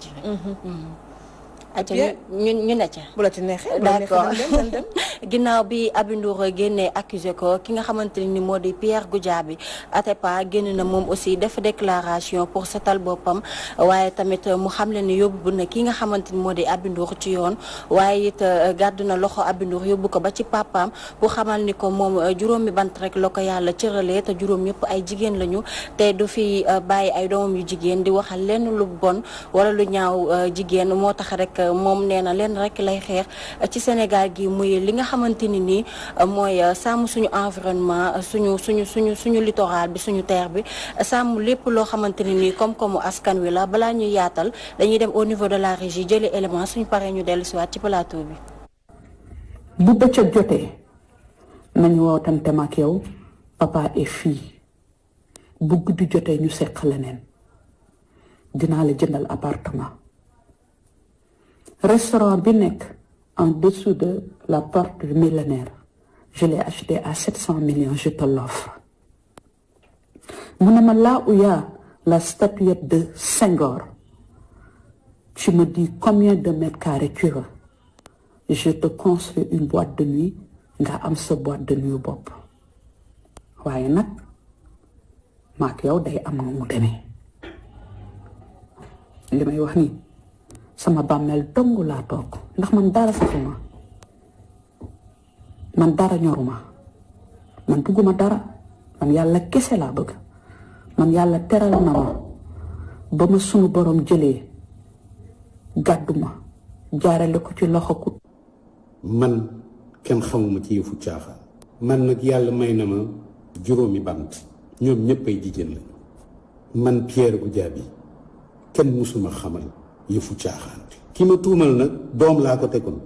ji rek mhm. mhm. ayca ñu ñu ne ca. bu la ci neexee d'accord ginnaaw bi Aby Ndour génnee accusé ko ki nga xamante ni moo di Pierre Goudiaby Atepa génn na moom aussi def déclaration pour setal boppam waaye tamit mu xamle ni yóbbu na ki nga xamante ni moo di Aby ci yoon waaye it euh, gàddu na loxo Aby yóbbu ko ba ci papaam bu xamal ni ko moom euh, juróomi bant rek la ko yàlla cëralee te juróom yëpp ay jigéen lañu te du fi euh, bàyyi ay doomam yu jigéen di waxal lenn lu bon wala lu ñaaw jigéen moo tax rek. moom nee na leen rek lay xeex ci Sénégal gi muy li nga xamante ni nii mooy sàmm suñu environnement suñu suñu suñu suñu littoral bi suñu teer bi sàmm lépp loo xamante ni nii koom-koomu askan wi la balaa ñuy yaatal dañuy dem au niveau de la régi jëlee élément suñu paree ñu dellu siwaat ci plateau bi. bu jotee nañu ak yow papa guddi jotee ñu seq leneen dinaa la jëndal appartement. restaurant bi nekk en dessous de la porte du millénaire je l'ai acheté à 700 millions je te l'offre mu ne ma là où la statuette de Senghor tu me dis combien de mètres carrés tu je te construis une boîte de nuit nga am sa boîte de nuit bopp waaye nag maak yow day am na mu demee li may wax nii sama bàmmeel dong laa toog ndax man dara saxuma man dara ñoruma man bugguma dara man yàlla kese laa bëgg man yàlla teral na ma ba ma sunu borom jëlee gàddu jaarale ko ci loxo ku man kenn xamuma ci yëfu caaxaan man nag yàlla may na ma juróomi bant ñoom ñëpp ay jigéen la man Pierre Goudiaby kenn mësuma xamal yëfu caaxaan ki ma tuumal nag doom laa ko tegoon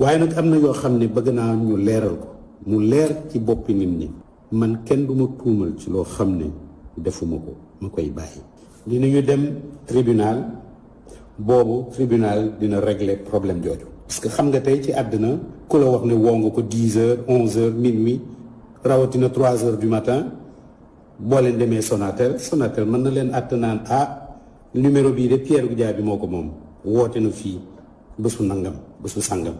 waaye nag am na yoo xam ne bëgg naa ñu leeral ko mu leer ci boppi nit ñi man kenn du ma tuumal ci loo xam ne defuma ko ma koy bàyyi dinañu dem tribunal boobu tribunal dina régle problème jooju parce que xam nga tey ci àddina ku la wax ne woo nga ko dix heures onze heures mi rawatina trois heures du matin boo leen demee Sonatel Sonatel mën na leen àtt naan ah numéro bii de Pierre jaar bi moo ko moom woote na fii bésu nangam bésu sàngam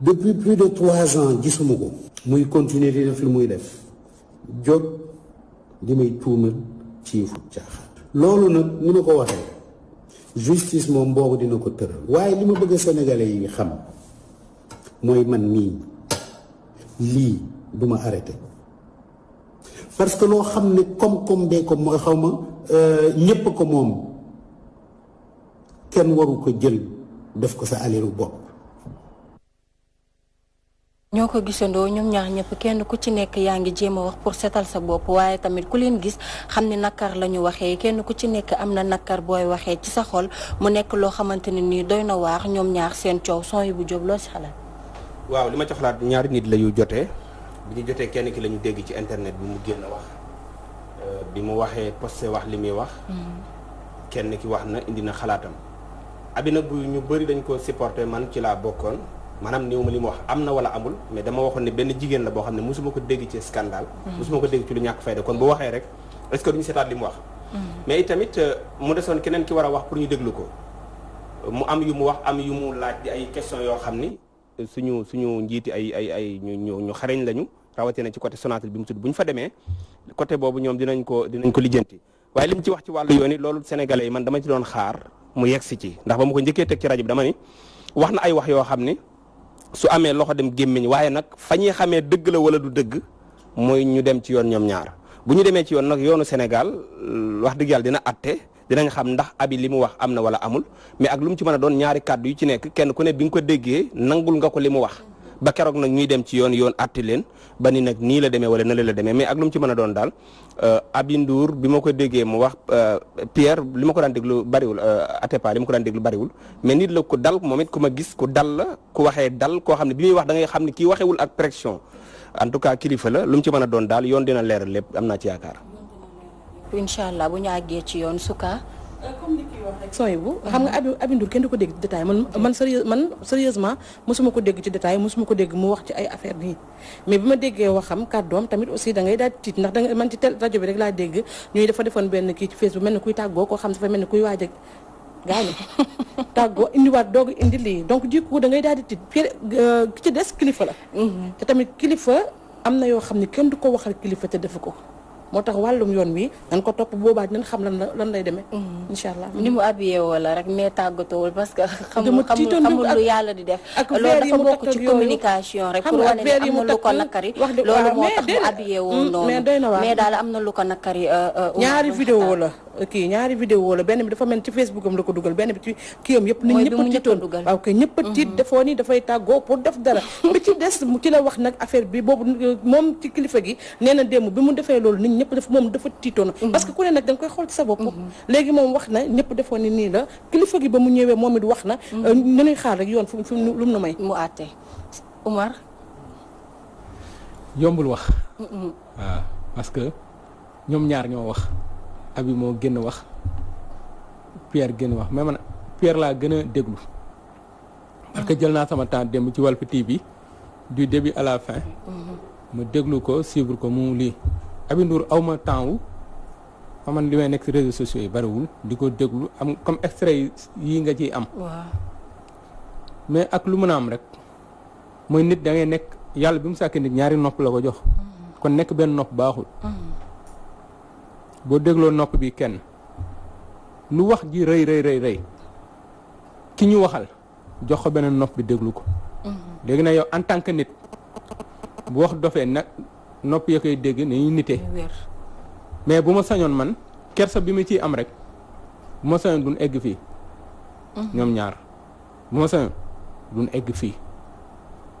depuis plus de trois ans gisuma ko muy continuer di def lu muy def jóg di may tuumal ci yëfu caaxaan loolu nag ni ma ko waxee justice moom boobu dina ko tëral waaye li ma bëgg sénégalais yi ngi xam mooy man nii lii duma ma arrêté parce que loo xam ne koom-koom bee ko xaw ma euh, ñépp ko moom kenn waru ko jël def ko sa aleeru bopp ñoo ko gisandoo ñoom ñaax ñëpp kenn ku ci nekk yaa ngi jéem a wax pour setal sa bopp waaye tamit ku leen gis xam ne nakar la ñu waxee kenn ku ci nekk am na nakkar booy waxee ci sa xol mu nekk loo xamante ne nii doy na waax ñoom ñaar seen coow son bu jóg loo si xalaat. waaw li ma ci xalaat ñaari nit la yu jotee bi ñu jotee kenn ki lañu dégg ci internet bi mu génn wax euh, bi mu waxee posté wax li muy wax. Mm-hmm. kenn ki wax Habib nag ñu bëri dañ ko supporté man ci laa bokkoon maanaam néew ma li mu wax am na wala amul mais dama waxoon ne benn jigéen la boo xam ne mosuma ko dégg ci scandale mosuma mm-hmm. ko dégg ci lu ñàkk fayda kon bu waxee rek est-ce que duñu seetaat li mu wax mm-hmm. mais itamit euh, mu desoon keneen ki war a wax pour ñu déglu ko mu am yu mu wax am yu mu laaj ay question yoo xam ni suñu suñu njiiti ay ay ay ñu ñu xarañ lañu rawatina ci côté Sonatel bi mu tudd bu ñu fa demee côté boobu ñoom dinañ ko dinañ ko lijjanti waaye li mu ci wax ci wàllu yoon yi loolu sénégalais yi man dama ci doon xaar mu yegg si ci ndax ba mu ko njëkkee teg ci rajo bi dama ni wax na ay wax yoo xam ne su amee loxo dem gémmiñ waaye nag fa ñuy xamee dëgg la wala du dëgg mooy ñu dem ci yoon ñoom ñaar bu ñu demee ci yoon nag yoonu Sénégal wax dëgg yàlla dina atte dinañ xam ndax abi li mu wax am na wala amul mais ak lu mu ci mën a doon ñaari kàddu yu ci nekk kenn ku ne bi nga ko déggee nangul nga ko li mu wax ba keroog nag ñuy dem ci yoon yoon àtti leen ba ni nag nii la demee wala na demee mais ak lu ci mën doon daal euh, Aby bi ma ko déggee mu wax euh, Pierre li ma ko daan déglu bariwul euh, Atepa li ma ko daan déglu bariwul mais nit la ko dal moom it ku ma gis ku dal la ku waxee dal koo xam ne bi muy wax da ngay xam ne kii waxewul ak pression en tout cas kilifa la lu mu ci mën a doon daal yoon dina leeral lépp am naa ci yaakaar. bu ñu ci yoon suka comme ni kii bu xam nga abi abi kenn du ko dégg ci détail man man sérieux man sérieusement mosuma ko dégg ci détail mosuma ko dégg mu wax ci ay affaire nii mais bi ma déggee waxam kàddoom tamit aussi da ngay daal tiit ndax da nga man ci tel rajo bi laa dégg ñuy dafa defoon benn kii ci Facebook mel ni kuy tàggoo koo xam dafa mel ni kuy waaj gaañu tàggoo indiwaat doog indi donc du coup da daal di tiit euh, ki ci des kilifa la. Mhm. te tamit kilifa am na yoo xam ne kenn du ko waxal kilifa te defu ko. moo tax wàllum yoon wi nan ko topp boobaa dinañ xam lan la lan lay demee. Mm-hmm. incha allah ni mu habillé woo la rek mais tàggatowul parce que. xamul xamul lu yàlla di def. ak loolu dafa bokk ci communication rek. pour na lu ko nakari loolu moo tax mu habillé woo mm, noonu daal am na lu ko nakari. Euh, euh, ñaari um, vidéo la euh, kii ñaari vidéo la benn bi dafa mel ci Facebook la ko dugal benn bi ci kii am yëpp. mooy bi mu waaw kay ñëpp mm-hmm. tiit defoo ni dafay tàggoo pour def dara. bi ci des mu ci la wax nag affaire bi boobu moom ci kilifa gi nee na démb bi mu defee loolu nit ñi ñëpp def moom dafa tiitoon mhm. parce que ku ne nag da koy xool ci sa bopp mhm. léegi moom wax na ñëpp defoon ni nii la kilifa gi ba mu ñëwee moom it wax na ñu mhm. euh, nuy xaar rek yoon fu lu mu nu may mu àtte Omar yombul wax parce que ñoom ñaar ñoo wax abi moo génn wax Pierre génn wax mais man Pierre laa gën a déglu parce que jël naa sama temps démb ci Walf bi du début à la fin ma déglu ko suivre ko mu lii Aby Ndour awma temps wu ma man li may nekk ci réseaux sociaux yi bariwul di ko déglu am comme extrait yi nga ciy am. waaw mais ak lu mën a am rek mooy nit dangay ngay nekk yàlla bi mu sàkk nit ñaari nopp la ko jox. Mm-hmm. kon nekk benn nopp baaxul. Mm-hmm. boo dégloo nopp bi kenn lu wax ji rëy rëy rëy rëy ki ñu waxal jox ko beneen nopp bi déglu ko. Mm-hmm. léegi nag yow en nit bu wax dofee nag. nopp ya koy dégg nañu nitee mais bu ma sañoon man kersa bi ma ciy am rek bu ma sañoon duñ egg fii mhm. ñoom ñaar bu ma egg fii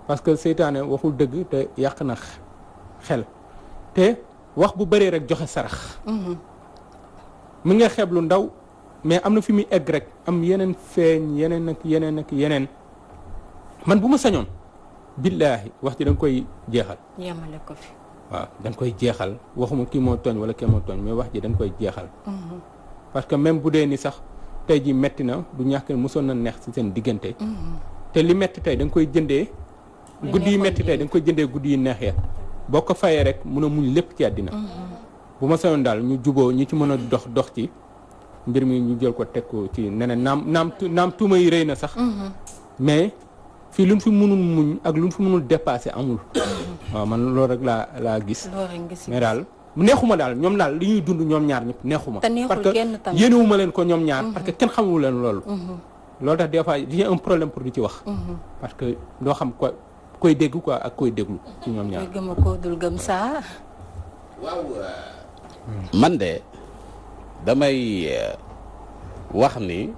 parce que seytaane waxul dëgg te yàq na xel te wax bu bëree rek joxe sarax mi mhm. nga xeeb lu ndaw mais am na fi muy egg rek am yeneen feeñ yeneen ak yeneen ak yeneen man bu ma sañoon billaahi wax ci da koy jeexal waaw dañ koy jeexal waxuma kii moo tooñ wala kii moo tooñ mais wax ji dañ koy jeexal. Mhm. parce que même bu dee ni sax tey ji metti na du ñàkk mosoon na neex ci seen diggante. Mhm. te li metti tey danga koy jëndee. guddi yi metti tey da nga jëndee guddi yi neex ya boo ko fayee rek mun a muñ lépp ci àddina. Mhm. bu ma sañoon daal ñu juboo ñi ci mën a dox dox ci mbir mi ñu jël ko teg ko ci neneen naam naam naam tuuma yi na sax. mais fii luñ fi mënul muñ ak luñ fi mënul dépasser amul. waaw man loolu rek laa laa gis. mais daal neexuma daal ñoom daal li ñuy dund ñoom ñaar ñëpp neexuma. te parce que yéenewuma leen ko ñoom ñaar. Mhm. parce que kenn xamu leen loolu. Mhm. loolu tax des fois j'ai un problème pour di ci wax. Mhm. parce que doo xam ko koy dégg quoi ak koy déglu. ci ñoom ñaar a euh, man de damay euh, wax ni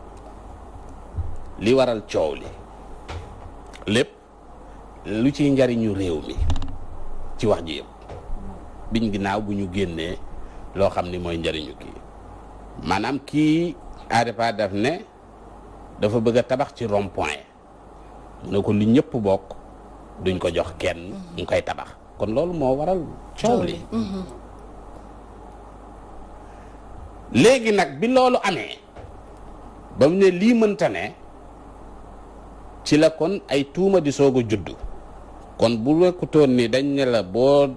li waral coow li lépp lu ciy njariñu réew mi. ci wax ji yëpp biñ ginnaaw bu ñu génnee loo xam ni mooy njëriñu kii maanaam kii Adepa daf ne dafa bëgg tabax ci rond point mu ne ko li ñëpp bokk duñ ko jox kenn mu koy tabax kon loolu moo waral coow li mm-hmm. léegi nag bi loolu amee ba mu ne lii mënta ne ci la kon ay tuuma di soog a juddu kon bu wekkutoon ni dañ ne la boo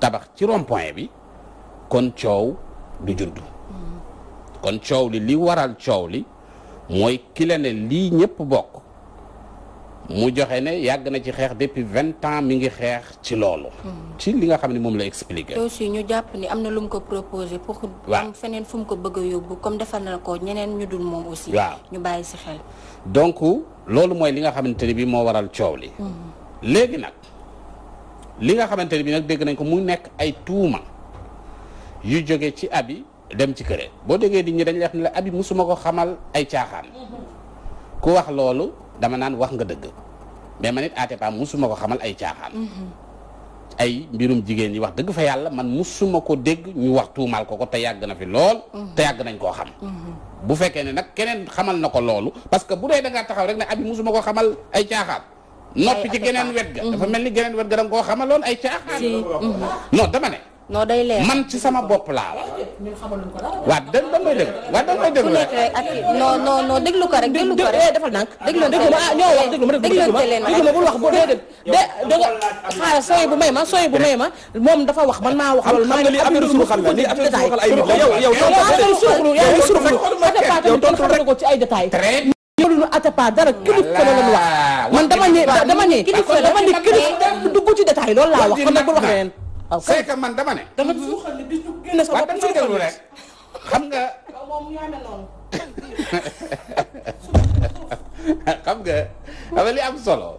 tabax ci rompoint bi kon coow du judd kon coow li li waral coow li mooy ki la ne lii ñëpp bokk mu joxe ne yàgg na ci xeex depuis vingt ans mi ngi xeex ci loolu. Hmm. ci li nga xam ne moom la expliqué. aussi ñu jàpp ni am na lu mu ko proposé. pour am feneen fu mu ko bëgg a yóbbu comme defal na ko ñeneen ñu dul moom aussi. waaw ñu bàyyi si xel. donc loolu mooy li nga xamante ni bi moo waral coow li. Hmm. léegi nag li nga xamante ne bi nag dégg nañ ko mu nekk ay tuuma yu jóge ci abi dem ci këre boo déggee nit ñi dañ lay wax ne la abi musuma ko xamal ay caaxaan ku wax loolu dama naan wax nga dëgg mais man it Atépa musuma ko xamal ay caaxaan mm-hmm. ay mbirum jigéen ñi wax dëgg fa yàlla man musuma ko dégg ñu wax tuumaal ko ko te yàgg na fi lool mm-hmm. te yàgg nañ koo xam mm-hmm. bu fekkee ne nag keneen xamal na ko loolu parce que bu dee da ngaa taxaw rek ne abi musuma ko xamal ay caaxaan noppi ci geneen wet ga dafa mel ni geneen wet ga danga koo xamaloon ay caaxaan non dama ne non day leer man ci sama bopp laa wax. waaw dégg nga may dégg. waaw dégg nga may dégg rek ak non non non déglu ko rek déglu ko rek defal nànk. déglu ma ah ñoo wax déglu ma déglu ma bul wax boo dee de de xaaral sooy bu may ma sooy bu may ma moom dafa wax man maa wax. loolu maa ngi affaire suñu xal la lii affaire suñu xal ay yow yow yow tontu rek yow tontu rek ko ci ay détails. mënuñu Atepa dara kilifa la leen wax man dama ne dama ne dama ne kilifa dugg ci détail loolu laa wax xam nga bu wax leen waaw c'est que man dama ne dama suuxal bis ñu génne sa bopp dama déglu rek xam nga moom yaa mel noonu xam nga xam nga li am solo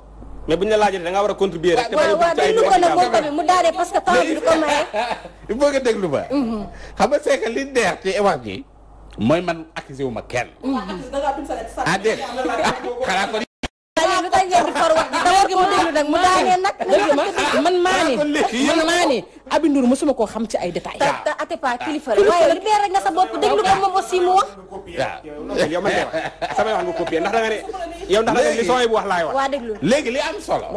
mais buñ la laajee da nga war a contribuer rek. te bañ a dugg ci ay moom tamit mu daanee parce que temps bi du ko maye. il faut que déglu ma. Mhm. xam nga c'est que li neex ci wax ji. mooy man accusé wu ma kenn. Mm-hmm. ah déet xanaa kon. mu déglu nag mu koo xam ci ay détails. waaw te Atépa kilifa la waaye nga sa bopp déglu ko moom aussi mu wax. waaw yow man de sama ndax da nga ne ndax da nga li sooy bu wax laay wax. léegi li am solo.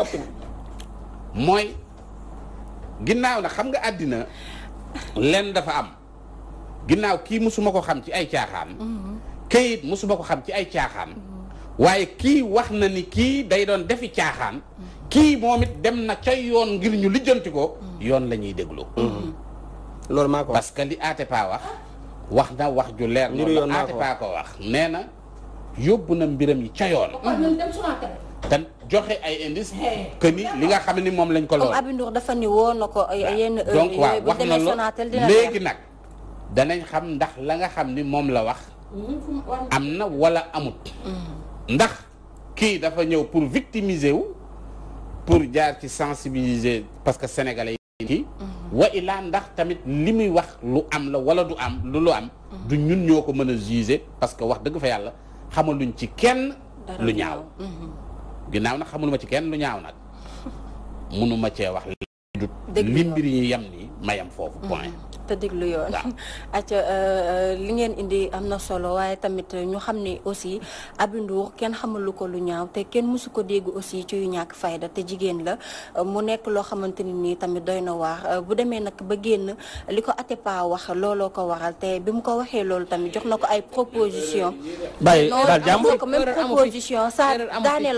mooy ginnaaw na xam nga àddina leen dafa am. ginnaaw kii mosuma ko xam ci ay caaxaan këyit mosuma ko xam ci ay caaxaan waaye kii wax na ni kii day doon defi caaxaam kii moom it dem na ca yoon ngir ñu lijjanti ko yoon lañuy ñuy déglu loolu maa ko parce wax wax na wax ju leer loolu Atepa ko wax na yóbbu na mbiram yi ca yoon te joxe ay indice li nga xam ne moom lañ ko lool Abi Ndour dafa waaw wax na léegi nag danañ xam ndax la nga xam ni moom la wax am na wala amut mm. ndax kii dafa ñëw pour victimiser wu pour jaar ci sensibiliser parce que sénégalais yi kii mm. wa ilaa ndax tamit li muy wax lu am la wala du am lu lu am mm. du ñun ñoo ko mën a juger parce que wax dëgg fa yàlla luñ ci kenn lu ñaaw mm-hmm. ginnaaw nag xamaluma ci kenn lu ñaaw nag mënuma cee wax li mbir yi yem nii ma foofu point mm-hmm. te déglu yoon acca euh, euh, li ngeen indi am na solo waaye tamit ñu xam ne aussi Aby Ndour kenn xamalu ko lu ñaaw te kenn mësu ko dégg aussi ci yu ñàkk fayda te jigéen la euh, mu nekk loo xamante ne nii tamit doy na waar bu demee nag ba génn li ko pa wax looloo ko waral te bi mu ko waxee loolu tamit jox na ko ay proposition bàyyi daal jàmm ko même proposition saa daanee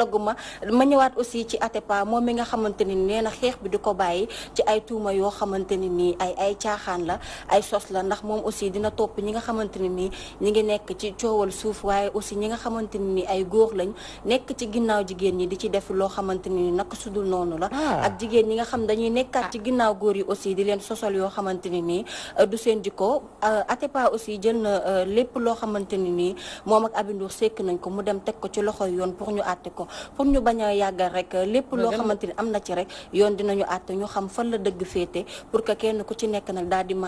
ma ñëwaat aussi ci pa moom mi nga xamante ni nee na xeex bi di ko bàyyi ci ay tuuma yoo xamante ni nii ay ay caaxaan la ay sos la ndax moom aussi dina topp ñi nga xamante ne nii ñi ngi nekk ci coowal suuf waaye aussi ñi nga xamante ne nii ay góor lañ nekk ci ginnaaw jigéen ñi di ci def loo xamante ne nii su sudul noonu la ah. ak jigéen ñi nga xam dañuy nekkaat ci ginnaaw góor yi aussi di leen sosal yoo xamante ne nii euh, du seen jikko euh, Atepa aussi jën na euh, lépp loo xamante ne nii moom ak Aby Ndour sekk nañ ko mu dem teg ko ci loxo yoon pour ñu àtte ko pour ñu bañ a yàggal rek lépp loo xamante ni am na ci rek yoon dinañu àtte ñu xam fan la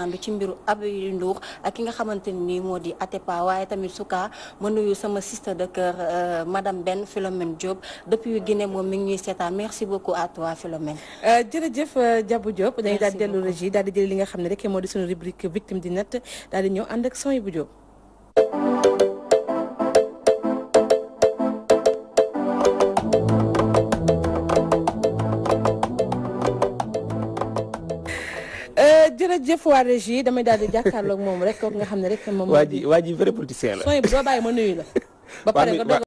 mandu ci mbiru Aby Ndour ak ki nga xamante ni moo di Atepa waaye tamit suka ma nuyu sama sister de cœur euh, madame Ben Philomène Diop depuis Guinée moom mi ngi ñuy seetaan merci beaucoup à toi Philomène. Euh, jërëjëf Diabou euh, Diop dañuy daal di dellu régie daal di jël li nga xam ne rek moo di suñu rubrique victime di net daal di ñëw ànd ak son bu Diop. jërëjëf waa régie damay daal di jàkkaarloog moom rek kooku nga ne rek moom. waa ji waa ji vrai politicien la. sooy bu ma nuyu la. ba pare nga